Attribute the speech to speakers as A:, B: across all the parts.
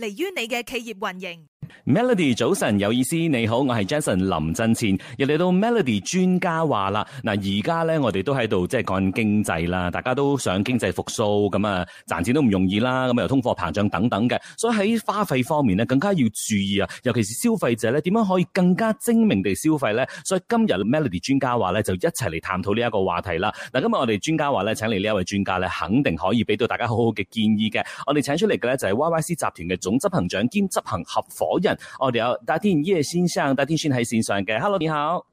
A: 嚟於你嘅企業運營。
B: Melody 早晨有意思，你好，我係 Jason 林振前。又嚟到 Melody 專家話啦，嗱而家咧我哋都喺度即係講經濟啦，大家都想經濟復甦，咁啊賺錢都唔容易啦，咁又通貨膨脹等等嘅，所以喺花費方面咧更加要注意啊，尤其是消費者咧點樣可以更加精明地消費咧。所以今日 Melody 專家話咧就一齊嚟探討呢一個話題啦。嗱，今日我哋專家話咧請嚟呢一位專家咧肯定可以俾到大家好好嘅建議嘅。我哋請出嚟嘅咧就係 YYC 集團嘅總執行長兼執行合夥人，我哋有戴天葉先生，戴天宣喺線上嘅，Hello，你好。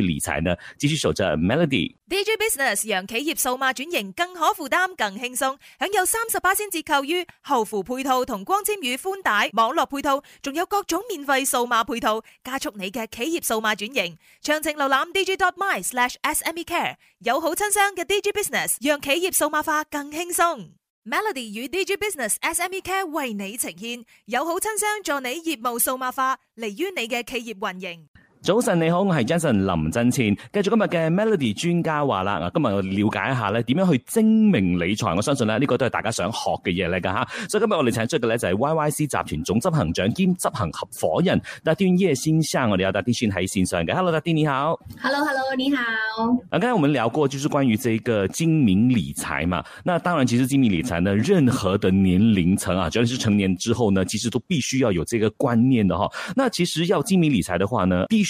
B: 理財呢，繼續守着 Melody。
A: Digi Business 讓企業數碼轉型更可負擔、更輕鬆，享有三十八仙折扣於後付配套同光纖與寬帶網絡配套，仲有各種免費數碼配套，加速你嘅企業數碼轉型。詳情瀏覽 Digi dot my slash SME Care。友好親商嘅 Digi Business 讓企業數碼化更輕鬆。Melody 與 Digi Business SME Care 為你呈現友好親商，助你業務數碼化，利於你嘅企業運營。
B: 早晨你好，我係 Jason 林真千，繼續今日嘅 Melody 專家話啦，嗱今日我了解一下咧點樣去精明理財，我相信咧呢個都係大家想學嘅嘢嚟噶吓，所以今日我哋請出嘅咧就係 YYC 集團總執行長兼執行合夥人大達天夜先生，我哋有達天穿喺綫上嘅，Hello 達天你好
C: ，Hello Hello 你好，
B: 啊，剛才我們聊過，就是關於這個精明理財嘛，那當然其實精明理財呢，任何的年齡層啊，尤其是成年之後呢，其實都必須要有這個觀念的哈，那其實要精明理財的話呢，必須。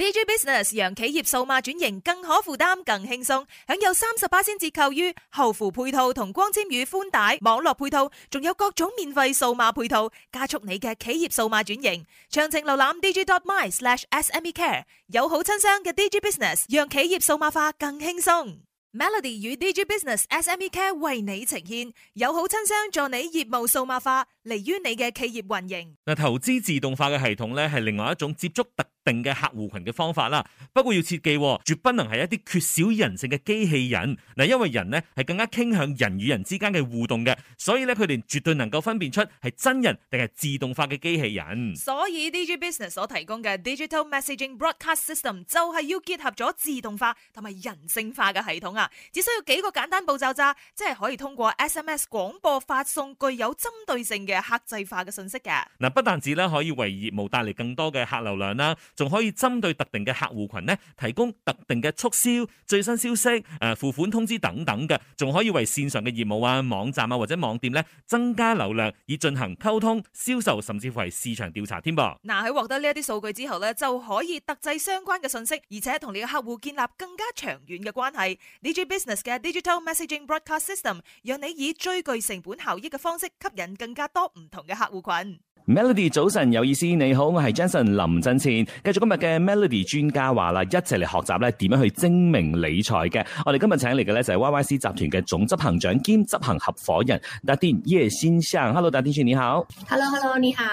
A: Digi Business 讓企業數碼轉型更可負擔、更輕鬆，享有三十八巴仙折扣於後付配套同光纖與寬帶網絡配套，仲有各種免費數碼配套，加速你嘅企業數碼轉型。詳情瀏覽 Digi dot my slash S M E Care，友好親商嘅 Digi Business 讓企業數碼化更輕鬆。Melody 與 Digi Business S M E Care 為你呈現友好親商，助你業務數碼化，利於你嘅企業運營。
B: 嗱，投資自動化嘅系統咧，係另外一種接觸特。定嘅客戶群嘅方法啦，不過要切記，絕不能係一啲缺少人性嘅機器人。嗱，因為人呢係更加傾向人與人之間嘅互動嘅，所以咧佢哋絕對能夠分辨出係真人定係自動化嘅機器人。
A: 所以 DG Business 所提供嘅 Digital Messaging Broadcast System 就係要結合咗自動化同埋人性化嘅系統啊！只需要幾個簡單步驟咋，即係可以通過 SMS 廣播發送具有針對性嘅客製化嘅信息嘅。
B: 嗱，不但止啦，可以為業務帶嚟更多嘅客流量啦。仲可以針對特定嘅客戶群呢，提供特定嘅促銷、最新消息、誒付款通知等等嘅，仲可以為線上嘅業務啊、網站啊或者網店呢增加流量，以進行溝通、銷售甚至乎係市場調查添噃。
A: 嗱，喺獲得呢一啲數據之後呢，就可以特製相關嘅信息，而且同你嘅客戶建立更加長遠嘅關係。Digi Business 嘅 Digital Messaging Broadcast System 讓你以最具成本效益嘅方式吸引更加多唔同嘅客戶群。
B: Melody 早晨有意思，你好，我是 Jason 林振前。繼續今日嘅 Melody 專家話啦，一齊嚟學習咧點樣去精明理財嘅。我哋今日請嚟嘅咧就係、是、Y Y C 集團嘅總執行長兼執行合伙人達丁、葉先生。Hmm. Hello，達丁，柱你好。
C: Hello，Hello 你好。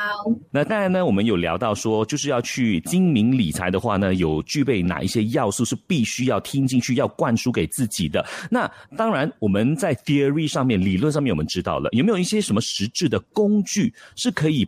B: 那當然呢，我們有聊到說，就是要去精明理財嘅話呢，有具備哪一些要素是必須要聽進去、要灌輸給自己的？那當然，我們在 theory 上面、理論上面，我們知道了，有沒有一些什麼實質的工具是可以？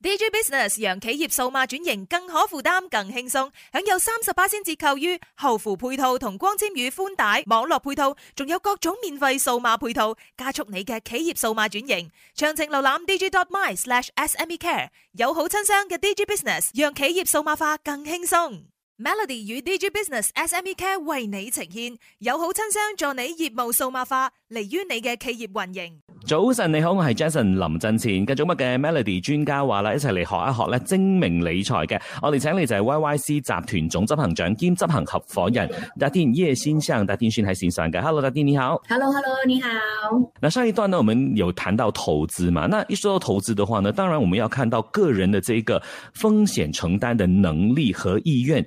A: Digi Business 讓企業數碼轉型更可負擔、更輕鬆，享有三十八巴仙折扣於後付配套同光纖與寬帶網絡配套，仲有各種免費數碼配套，加速你嘅企業數碼轉型。詳情瀏覽 Digi dot my slash S M E Care，有好親商嘅 Digi Business 讓企業數碼化更輕鬆。Melody 與 Digi Business SME Care 為你呈現，友好親商，助你業務數碼化，利於你嘅企業運營。
B: 早晨你好，我係 Jason 林振前，繼續乜嘅 Melody 專家話啦，一齊嚟學一學咧精明理財嘅。我哋請嚟就係 Y Y C 集團總執行長兼執行合夥人、嗯、達丁葉欣向，達丁先生係線上嘅。Hello 達丁你好
C: ，Hello Hello 你
B: 好。上一段呢，我們有談到投資嘛？那一說到投資嘅話呢，當然我們要看到個人的這個風險承擔的能力和意願。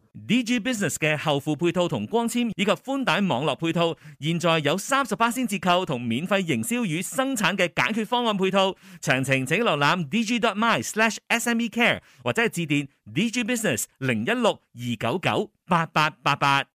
B: Digi Business 嘅後付配套同光纖以及寬帶網絡配套，現在有三十八仙折扣同免費營銷與生產嘅解決方案配套。詳情請瀏覽 digi.my/SMECare 或者係致電 Digi Business 零一六二九九八八八八。